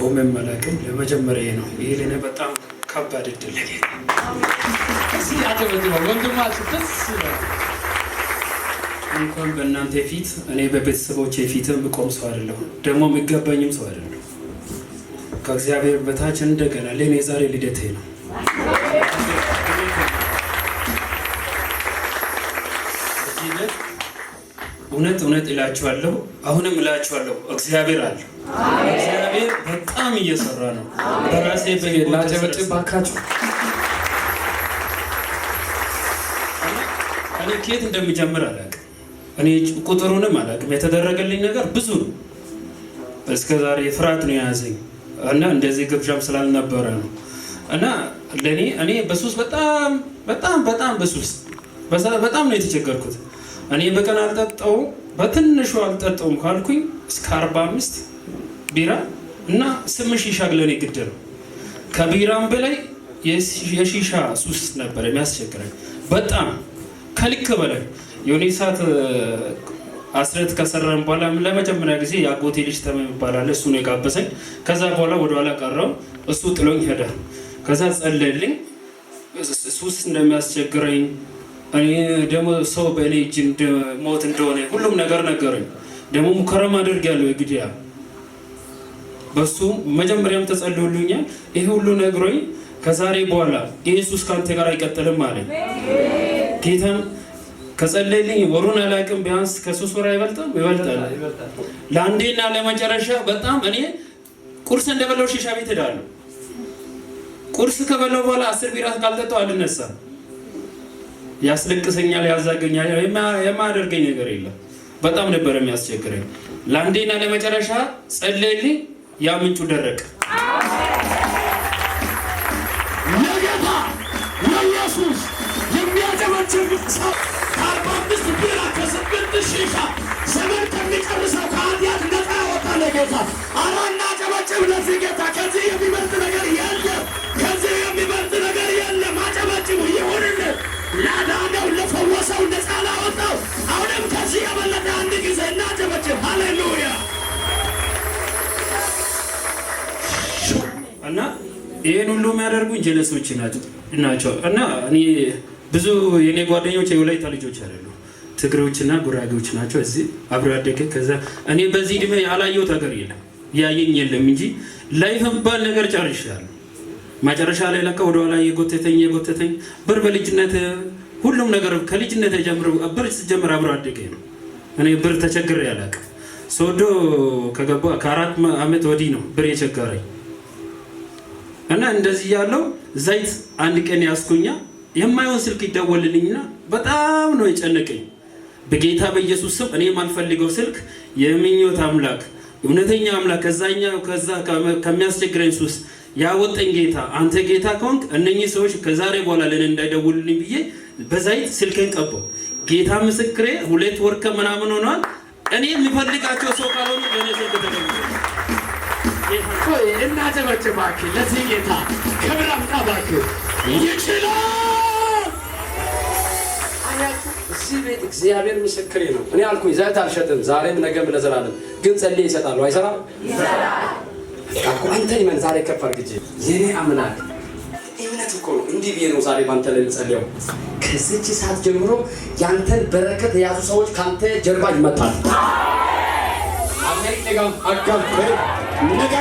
ቆሜ መላቅም ለመጀመሪያ ነው። ይህ ለእኔ በጣም ከባድ እድል እንኳን በእናንተ ፊት እኔ በቤተሰቦች ፊት የምቆም ሰው አይደለሁ፣ ደግሞ የሚገባኝም ሰው አይደለሁ። ከእግዚአብሔር በታች እንደገና ለእኔ ዛሬ ልደቴ ነው። እውነት እውነት እላችኋለሁ አሁንም እላችኋለሁ እግዚአብሔር አለ። እግዚአብሔር በጣም እየሰራ ነው። በራሴ ላጨበጭባካችሁ እኔ ከየት እንደሚጀምር አላውቅም። እኔ ቁጥሩንም አላውቅም። የተደረገልኝ ነገር ብዙ ነው። እስከ ዛሬ ፍርሃት ነው የያዘኝ እና እንደዚህ ግብዣም ስላልነበረ ነው እና ለእኔ እኔ በሱስ በጣም በጣም በጣም በሱስ በጣም ነው የተቸገርኩት እኔ በቀን አልጠጠው በትንሹ አልጠጣውም ካልኩኝ እስከ 45 ቢራ እና ስም ሺሻ ግለን ግድ ነው። ከቢራም በላይ የሺሻ ሱስ ነበር የሚያስቸግረኝ በጣም ከልክ በላይ የሆነ ሰዓት አስረት ከሰራን በኋላ ለመጀመሪያ ጊዜ የአጎቴ ልጅ ተመ ይባላል እሱ ነው የጋበሰኝ። ከዛ በኋላ ወደኋላ ቀረው እሱ ጥሎኝ ሄደ። ከዛ ጸለልኝ ሱስ እንደሚያስቸግረኝ ደግሞ ሰው በእኔ እጅ ሞት እንደሆነ ሁሉም ነገር ነገረኝ። ደግሞ ሙከራም አድርጌያለሁ የግድያ በሱ መጀመሪያም ተጸልዩልኛል። ይሄ ሁሉ ነግሮኝ ከዛሬ በኋላ ኢየሱስ ከአንተ ጋር አይቀጥልም አለ ጌታን ከጸለይልኝ ወሩን አላውቅም። ቢያንስ ከሶስት ወር አይበልጥም ይበልጣል። ለአንዴና ለመጨረሻ በጣም እኔ ቁርስ እንደበላው ሺሻ ቤት ቁርስ ከበላው በኋላ አስር ቢራ ካልጠጣው አልነሳም። ያስለቅሰኛል፣ ያዛገኛል። የማያደርገኝ ነገር የለም። በጣም ነበር የሚያስቸግረኝ። ለአንዴና ለመጨረሻ ጸለይልኝ፣ ያ ምንጩ ደረቀ። ለጌታ ለኢየሱስ የሚያጨበጭብ ሰው ከአርባ አምስት ቢራ ከስምንት ሺሻ ዘመን ለጌታ አራና ለዚህ ጌታ። ከዚህ የሚበልጥ ነገር የለም። ከዚህ የሚበልጥ ነገር የለም። አጨበጭቡ ይሁንልን። ይህን ሁሉ የሚያደርጉኝ ጀለሶች ናቸው እና እኔ ብዙ የኔ ጓደኞች የወላይታ ልጆች አይደሉ፣ ትግሬዎች እና ጉራጌዎች ናቸው። እዚህ አብሮ ያደገ ከዛ እኔ በዚህ እድሜ ያላየሁት ሀገር የለም ያየኝ የለም እንጂ ላይፍ የሚባል ነገር ጨርሻለሁ። መጨረሻ ላይ ለካ ወደኋላ የጎተተኝ የጎተተኝ ብር በልጅነት ሁሉም ነገር ከልጅነት ጀምሮ ብር ስጀምር አብሮ አደገ ነው። እኔ ብር ተቸግሬ አላውቅም። ሶዶ ከገባ ከአራት ዓመት ወዲህ ነው ብር የቸገረኝ። እና እንደዚህ ያለው ዘይት አንድ ቀን ያስኩኛ የማይሆን ስልክ ይደወልልኝና በጣም ነው የጨነቀኝ። በጌታ በኢየሱስ ስም እኔ የማልፈልገው ስልክ የምኞት አምላክ እውነተኛ አምላክ ከዛኛ ከዛ ከሚያስቸግረኝ ሱስ ያወጠኝ ጌታ አንተ ጌታ ከሆንክ እነኚህ ሰዎች ከዛሬ በኋላ ለእኔ እንዳይደውልልኝ ብዬ በዛይት ስልክን ቀባው። ጌታ ምስክሬ ሁለት ወርከ ምናምን ሆኗል። እኔ የሚፈልጋቸው ሰው ካልሆኑ ለእኔ ስልክ ተደውሎ እናጨበጭ እባክህ ለዚህ ጌታ ክብር አምጣ እባክህ። ይችላል። እዚህ ቤት እግዚአብሔር ምስክሬ ነው። እኔ አልኩኝ ዘይት አልሸጥም ዛሬም ነገም ለዘላለም ግን ጸልዬ ይሰጣሉ። አይሰራም። አንተ ይመን ዛሬ ከፍ አድርግ እንጂ የኔ አምላክ እምነት እኮ ነው። እንዲህ ብዬ ነው ዛሬ በአንተ ላይ ልጸልየው። ከዚች ሰዓት ጀምሮ ያንተን በረከት የያዙ ሰዎች ከአንተ ጀርባ ይመጣል። አሜሪካ ጋር nega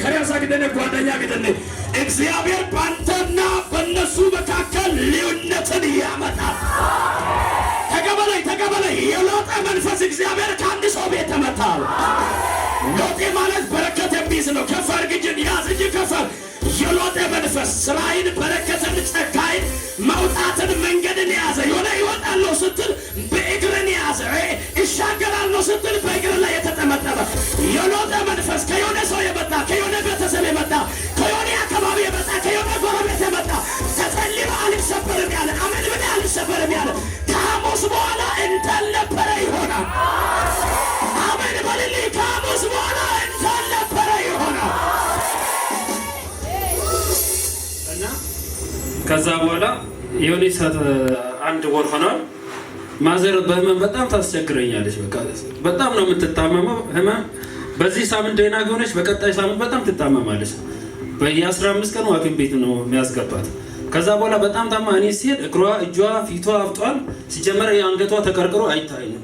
kana እግዚአብሔር ባንተና በነሱ መካከል ልዩነትን ያመጣል። ተቀበለኝ ተቀበለኝ። የሎጤ መንፈስ እግዚአብሔር ከአንድ ሰው ቤት መታል። ሎጤ ማለት በረከት የሚይዝ ነው። ከፈር ግጅን ያዝ እንጂ ከፈር የሎጤ መንፈስ ስራይን፣ በረከትን፣ ጸጋይን፣ መውጣትን፣ መንገድን የያዘ የሆነ ይወጣለሁ ስትል እግርን የያዘ እሻገራለሁ ስትል በእግር ላይ የተጠመጠመ የሎጠ መንፈስ ከየሆነ ሰው የመጣ ከየሆነ ቤተሰብ የመጣ ከየሆነ አካባቢ የመጣ ከየሆነ ጎረቤት የመጣ ተጸልሎ አልሰበርም ያለ አመድ ብለ አልሰበርም ያለ ከሐሙስ በኋላ እንዳልነበረ ይሆናል። አመድ በልልኝ። ከሐሙስ በኋላ እንዳልነበረ ይሆናል ከዛ በኋላ የሆነ ሰዓት አንድ ወር ሆኗል። ማዘር በህመም በጣም ታስቸግረኛለች። በቃ በጣም ነው የምትታመመው ህመም። በዚህ ሳምንት ደህና ከሆነች በቀጣይ ሳምንት በጣም ትታመማለች። በየ15 ቀን ሐኪም ቤት ነው የሚያስገባት። ከዛ በኋላ በጣም ታማ እኔ ሲሄድ እግሯ፣ እጇ፣ ፊቷ አብጧል። ሲጀመር የአንገቷ ተቀርቅሮ አይታይም፣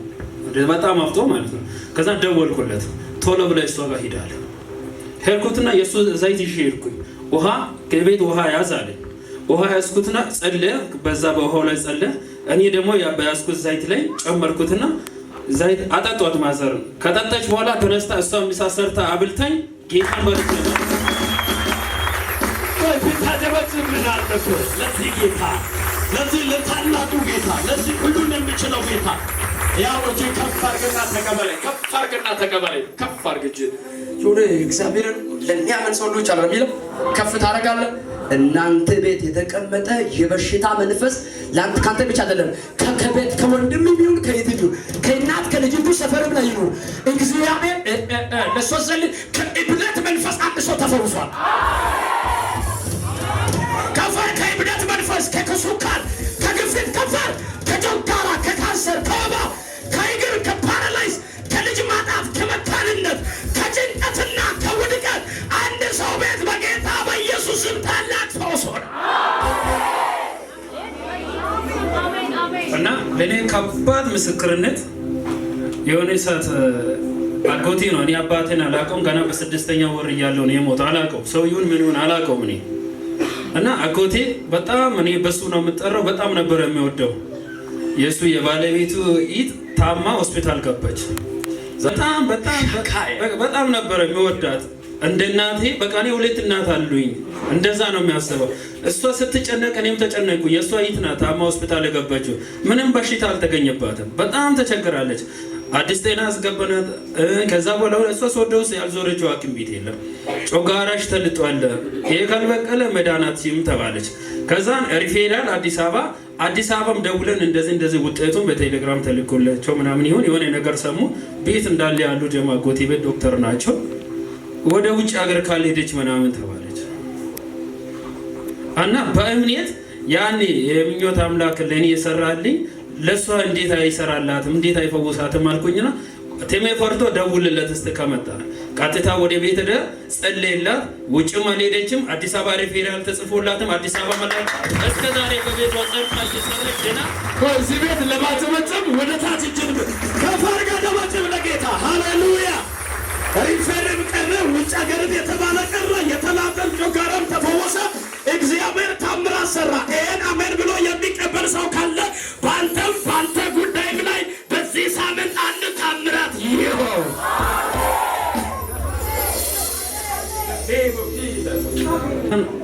በጣም አብጦ ማለት ነው። ከዛ ደወልኩለት ቶሎ ብላ እሷ ጋር ሄዳለ። ሄድኩትና የእሱ ዘይት ይዤ ሄድኩኝ። ውሃ ከቤት ውሃ ያዝ አለ። ውሃ ያዝኩትና ጸለ፣ በዛ በውሃው ላይ ጸለ እኔ ደግሞ ያበያዝኩት ዘይት ላይ ጨመርኩትና ዘይት አጠጧት። ማዘር ከጠጣች በኋላ ተነስታ እሷ የሚሳሰርታ አብልታኝ ጌታ ነው በርክ ለዚህ ጌታ ለዚህ ለታላቁ ጌታ ለዚህ ሁሉን የሚችለው ጌታ ያሮች ከፍ አድርግና ተቀበለኝ፣ ከፍ አድርግና ተቀበለኝ፣ ከፍ አድርግ እጅ እግዚአብሔርን ለሚያምን ሰው ልጅ አለ የሚለው ከፍ ታደርጋለህ እናንተ ቤት የተቀመጠ የበሽታ መንፈስ ላንተ ካንተ ብቻ አይደለም፣ ከቤት ከወንድም ይሁን ከየት ይሁን ከእናት ከልጅቱ ሰፈርም ላይ ይሁን እግዚአብሔር ለሶስት ዘንድ ከእብደት መንፈስ አንድ ሰው ተፈውሷል። ከፈር ከእብደት መንፈስ ከሱካር፣ ከግፊት፣ ከፈር፣ ከጨጓራ፣ ከካንሰር፣ ከወባ፣ ከእግር፣ ከፓራላይዝ፣ ከልጅ ማጣት፣ ከመካንነት፣ ከጭንቀትና ከውድቀት አንድ ሰው ቤት በጌታ ለእኔ ከባድ ምስክርነት የሆነ ሰዓት አጎቴ ነው። እኔ አባቴን አላውቀውም። ገና በስድስተኛ ወር እያለሁ ነው የሞተው። አላውቀውም፣ ሰውዬውን ምንሆን አላውቀውም እኔ እና አጎቴ በጣም እኔ በሱ ነው የምጠራው። በጣም ነበር የሚወደው። የእሱ የባለቤቱ ኢት ታማ ሆስፒታል ገባች። በጣም በጣም በጣም ነበር የሚወዳት እንደ እናቴ በቃ እኔ ሁለት እናት አሉኝ። እንደዛ ነው የሚያስበው። እሷ ስትጨነቅ እኔም ተጨነቁ። የእሷ ይት ናት አማ ሆስፒታል የገባችው ምንም በሽታ አልተገኘባትም። በጣም ተቸግራለች። አዲስ ጤና አስገባናት። ከዛ በኋላ እሷ ሶዶ ውስጥ ያልዞረችው ሐኪም ቤት የለም። ጮጋራሽ ተልጧለ። ይሄ ካልበቀለ መዳናት ሲም ተባለች። ከዛን ሪፌራል አዲስ አበባ አዲስ አበባም ደውለን እንደዚህ እንደዚህ ውጤቱን በቴሌግራም ተልኮላቸው ምናምን ይሁን የሆነ ነገር ሰሙ። ቤት እንዳለ ያሉ ጀማጎቴ ቤት ዶክተር ናቸው ወደ ውጭ ሀገር ካልሄደች ምናምን ተባለች እና በእምነት ያኔ የምኞት አምላክ ለእኔ የሰራልኝ ለእሷ እንዴት አይሰራላትም? እንዴት አይፈውሳትም? አልኩኝና ቴሜ ፈርቶ ደውልለት እስቲ ከመጣ ቀጥታ ወደ ቤት ደ ጸለየላት። ውጭም አልሄደችም። አዲስ አበባ ሪፌራል ተጽፎላትም አዲስ አበባ መላ እስከ ዛሬ በቤቷ ጸርቃ ሲሰረች ና ከዚህ ቤት ለማትመጥም ወደ ታች እጅን ከፋርጋ ለማጨም ለጌታ ሃሌሉያ ሪፌርም ቀረ፣ ውጭ ሀገርም የተባለ ቀረ፣ የተላጠ ጆጋራም ተፈወሰ። እግዚአብሔር ታምራት ሰራ። ይህን አሜን ብሎ የሚቀበል ሰው ካለ በአንተም በአንተ ጉዳይም ላይ በዚህ ሳምንት አንድ ታምራት ይኸው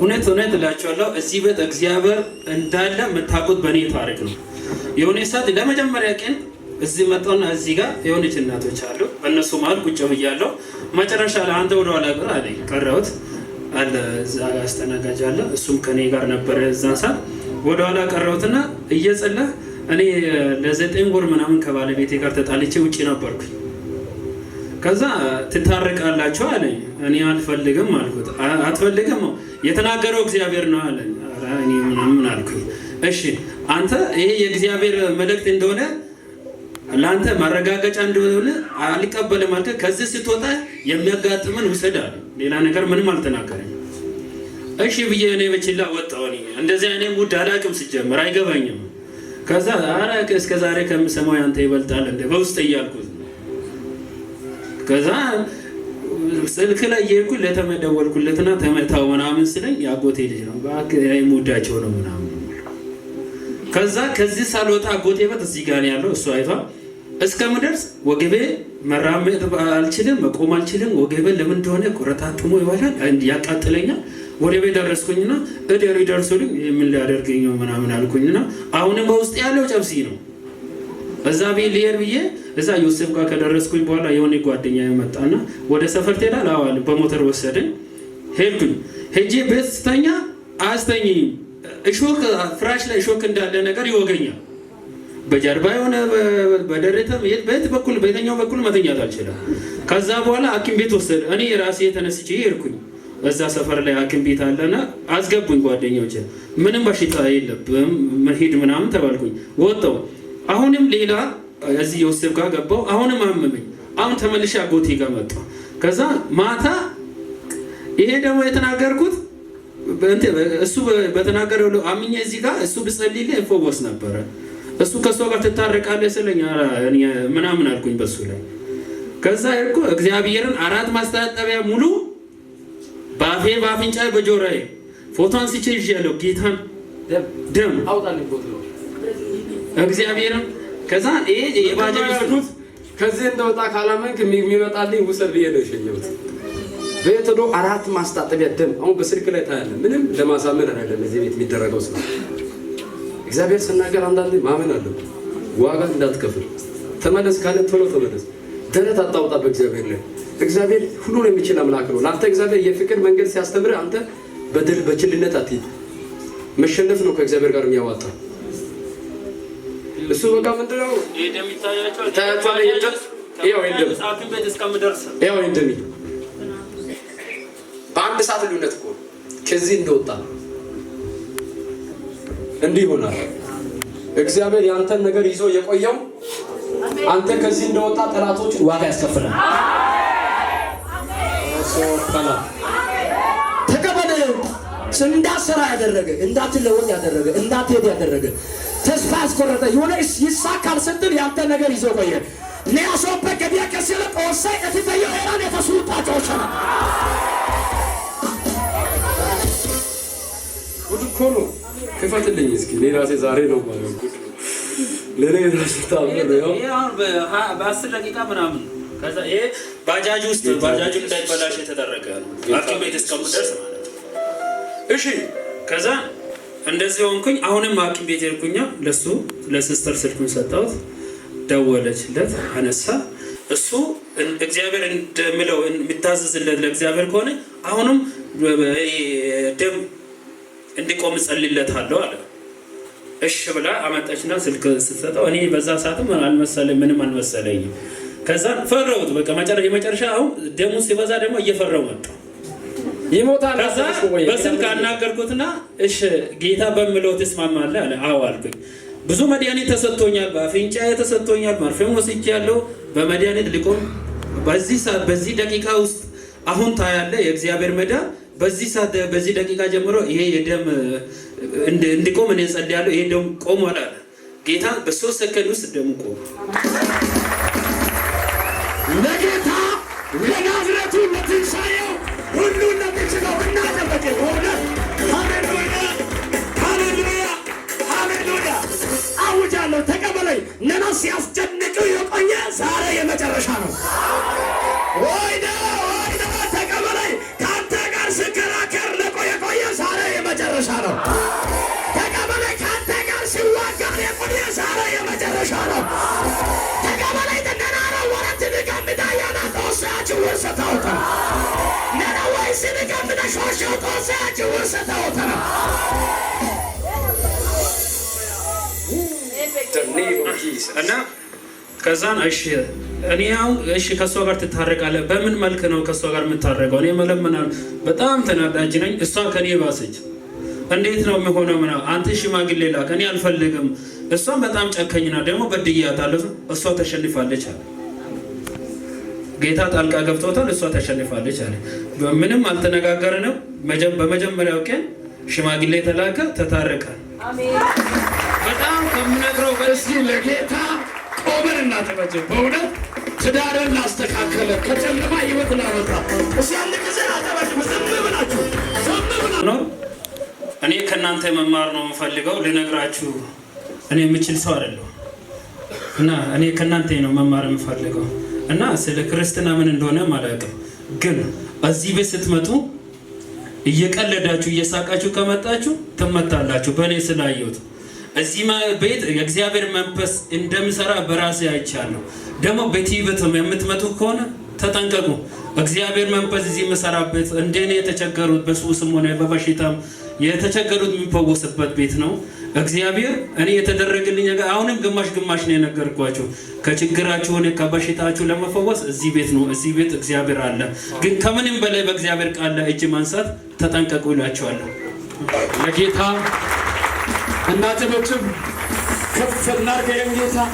እውነት እውነት እላቸዋለሁ እዚህ ቤት እግዚአብሔር እንዳለ የምታውቁት በእኔ ታሪክ ነው። የሆነ ሰዓት ለመጀመሪያ ቀን እዚህ መጣና እዚህ ጋር የሆነች እናቶች አሉ። በእነሱ መሀል ቁጭ ብያለሁ። መጨረሻ ላይ አንተ ወደኋላ ቀር አለኝ። ቀረሁት አለ እዛ አስተናጋጅ አለ። እሱም ከኔ ጋር ነበረ እዛን ሰዓት ወደኋላ ቀረሁትና እየጸለ እኔ ለዘጠኝ ወር ምናምን ከባለቤቴ ጋር ተጣልቼ ውጭ ነበርኩ ከዛ ትታርቃላችሁ አለኝ። እኔ አልፈልግም አልኩት። አትፈልግም የተናገረው እግዚአብሔር ነው አለኝ። እኔ ምናምን አልኩኝ። እሺ አንተ ይሄ የእግዚአብሔር መልእክት እንደሆነ ለአንተ ማረጋገጫ እንደሆነ አልቀበልም አልከ። ከዚህ ስትወጣ የሚያጋጥምን ውሰድ አለ። ሌላ ነገር ምንም አልተናገረኝ። እሺ ብዬ እኔ በችላ ወጣሁ። እንደዚህ አይነት ሙድ አላውቅም፣ ሲጀምር አይገባኝም። ከዛ ኧረ እስከ ዛሬ ከምሰማው ያንተ ይበልጣል እንደ በውስጥ እያልኩት ከዛ ስልክ ላይ እየሄድኩኝ ለተመደወልኩለትና ተመታው ምናምን ስለኝ የአጎቴ ልጅ ነው ሙዳቸው ነው ምናምን ከዛ ከዚህ ሳልወጣ አጎቴ በት እዚህ ጋር ያለው እሱ አይቷል። እስከምደርስ ወገቤ መራመድ አልችልም፣ መቆም አልችልም። ወገቤ ለምን እንደሆነ ኮረታትሞ ይባላል፣ ያቃጥለኛል። ወደቤ ደረስኩኝና እደሪ ደርሱልኝ፣ የምን ሊያደርገኝ ነው ምናምን አልኩኝና አሁንም በውስጥ ያለው ጨብሲ ነው። እዛ ቤት ልሄድ ብዬ እዛ ዮሴፍ ጋር ከደረስኩኝ በኋላ የሆነ ጓደኛ መጣና ወደ ሰፈር ትሄዳል አዋል በሞተር ወሰደኝ። ሄድኩኝ ሄጄ ቤት ስተኛ አስተኝም እሾክ ፍራሽ ላይ እሾክ እንዳለ ነገር ይወገኛል። በጀርባ የሆነ በደረተም የት በት በኩል በየትኛው በኩል መተኛት አልችልም። ከዛ በኋላ ሐኪም ቤት ወሰደ። እኔ ራሴ ተነስቼ ሄድኩኝ። እዛ ሰፈር ላይ ሐኪም ቤት አለና አስገቡኝ። ጓደኛዎች። ምንም በሽታ የለብም መሄድ ምናምን ተባልኩኝ። ወጣው አሁንም ሌላ እዚህ ዮሴፍ ጋር ገባው። አሁንም አመመኝ። አሁን ተመልሼ አጎቴ ጋር መጣ። ከዛ ማታ ይሄ ደግሞ የተናገርኩት እሱ በተናገረው አምኜ እዚህ ጋር እሱ ብጸልይልኝ እፎ ቦስ ነበረ እሱ ከእሷ ጋር ትታረቃለህ ስለኝ ምናምን አልኩኝ በሱ ላይ። ከዛ እኮ እግዚአብሔርን አራት ማስታጠቢያ ሙሉ በአፌ በአፍንጫ በጆሮዬ ፎቶ አንስቼ ይዣለሁ ጌታን ደም እግዚአብሔርን ከዛ የባጃ ሚስቱት ከዚህ እንደወጣ ካላመንክ የሚመጣልኝ ውሰድ ብዬ ነው የሸኘሁት። ቤት ሄዶ አራት ማስታጠቢያ ደም። አሁን በስልክ ላይ ታያለ ምንም ለማሳመን አይደለም እዚህ ቤት የሚደረገው ስለ እግዚአብሔር ስናገር አንዳንዴ ማመን አለብን። ዋጋ እንዳትከፍል ተመለስ ካለ ቶሎ ተመለስ። ደረት አታውጣ በእግዚአብሔር ላይ። እግዚአብሔር ሁሉን የሚችል አምላክ ነው። ለአንተ እግዚአብሔር የፍቅር መንገድ ሲያስተምር አንተ በድል በችልነት አት መሸነፍ ነው ከእግዚአብሔር ጋር የሚያዋጣ እሱ በቃ ምንድን ነው በአንድ ሰዓት ልዩነት እኮ ከዚህ እንደወጣ እንዲህ ይሆናል። እግዚአብሔር ያንተን ነገር ይዞ የቆየው አንተ ከዚህ እንደወጣ ጠላቶች ዋጋ ያስከፍላል። ተቀበለ እንዳሰራ ያደረገ እንዳትለወጥ ያደረገ እንዳትሄድ ያደረገ ተስፋ ያስቆረጠ የሆነ ይሳካል ስትል ያንተ ነገር ይዞ ቆየ። ሊያሶበ ገቢያ ከስለ ቆሳይ እትተየ ሄራን የተስሩጣቸው ሸና ጉድ እኮ ነው። ክፈትልኝ እስኪ እኔ ራሴ ዛሬ ነው ለእኔ ራሴ ታምር ነው። በአስር ደቂቃ ምናምን ይሄ ባጃጅ ውስጥ ባጃጁ እንዳይበላሽ የተደረገ ሐኪም ቤት እስከምደርስ ማለት ነው። እሺ ከዛ እንደዚህ ሆንኩኝ። አሁንም ሐኪም ቤት ሄድኩኛ። ለሱ ለሲስተር ስልኩን ሰጠሁት። ደወለችለት፣ አነሳ። እሱ እግዚአብሔር እንደምለው የሚታዘዝለት ለእግዚአብሔር ከሆነ አሁንም ደም እንዲቆም እጸልይለታለሁ አለ። እሽ ብላ አመጣችና ስልክ ስትሰጠው እኔ በዛ ሰዓትም አልመሰለኝ ምንም አልመሰለኝ። ከዛ ፈረውት በቃ የመጨረሻ አሁን ደሙ ሲበዛ ደግሞ እየፈረው መጣ። ከዛ በስልክ አናገርኩትና እሽ ጌታ በምለው ትስማማለ አለ። አዎ አልኩኝ። ብዙ መድኃኒት ተሰጥቶኛል፣ በአፍንጫ ተሰጥቶኛል፣ መርፌም ወስጃለሁ። በመድኃኒት ልቆም በዚህ በዚህ ደቂቃ ውስጥ አሁን ታያለ የእግዚአብሔር መዳን በዚህ ሰዓት በዚህ ደቂቃ ጀምሮ ይሄ የደም እንዲቆም እኔ ጸልያለሁ። ይሄ ደም ቆሞ አላለ ጌታ። በሶስት ሰከንድ ውስጥ ደም ቆሞ ለጌታ ለናዝረቱ ለትንሳኤው ሁሉ ለምችለው እናጠበቅ ሆነ። አውጃለሁ፣ ተቀበለኝ። ነና ሲያስጨንቅ የቆየ ዛሬ የመጨረሻ ነው ወይ ነው የመጨረሻ ነው። ተቀበለ ከአንተ ጋር ሲዋጋ የሙን የሳለ የመጨረሻ ነው። ተቀበለ ተነናረ ወረት ንቀምዳ ያና ተወሳያችሁን ሰተውተነ ነነወይ ስንቀምደ ሾሸው ተወሳያችሁን ሰተውተነ እና ከዛን እሺ እኔ እሺ ከእሷ ጋር ትታረቃለህ። በምን መልክ ነው ከእሷ ጋር የምታረቀው? እኔ መለመናል። በጣም ተናዳጅ ነኝ። እሷ ባሰች። እንዴት ነው የሚሆነው? ምና አንተ ሽማግሌ ላክ፣ እኔ አልፈልግም። እሷን በጣም ጨከኝና ናት፣ ደግሞ በድያታለሁ። እሷ ተሸንፋለች አለ ጌታ ጣልቃ ገብቶታል። እሷ ተሸንፋለች አለ። ምንም አልተነጋገርንም። በመጀመሪያው ቀን ሽማግሌ ተላከ፣ ተታረቀ። በጣም ከምነግረው በእስኪ ለጌታ ቆመን እናተመጀ በእውነት ትዳርን ላስተካከለ ከጨለማ ላመጣ ላወጣ ከእናንተ መማር ነው የምፈልገው። ልነግራችሁ እኔ የምችል ሰው አይደለሁ እና እኔ ከእናንተ ነው መማር የምፈልገው እና ስለ ክርስትና ምን እንደሆነ አላውቅም፣ ግን እዚህ ቤት ስትመጡ እየቀለዳችሁ እየሳቃችሁ ከመጣችሁ ትመታላችሁ። በእኔ ስላየሁት እዚህ ቤት የእግዚአብሔር መንፈስ እንደምሰራ በራሴ አይቻለሁ። ደግሞ በቲቪት የምትመጡ ከሆነ ተጠንቀቁ። እግዚአብሔር መንፈስ እዚህ የምሰራበት እንደኔ የተቸገሩት በሱስም ሆነ በበሽታም የተቸገሩት የሚፈወስበት ቤት ነው። እግዚአብሔር እኔ የተደረገልኝ ነገር አሁንም ግማሽ ግማሽ ነው የነገርኳቸው። ከችግራችሁ ሆነ ከበሽታችሁ ለመፈወስ እዚህ ቤት ነው፣ እዚህ ቤት እግዚአብሔር አለ። ግን ከምንም በላይ በእግዚአብሔር ቃል ላይ እጅ ማንሳት ተጠንቀቁ ይላቸዋለሁ። ለጌታ እናትኖችም ከፍ እናርገ ጌታ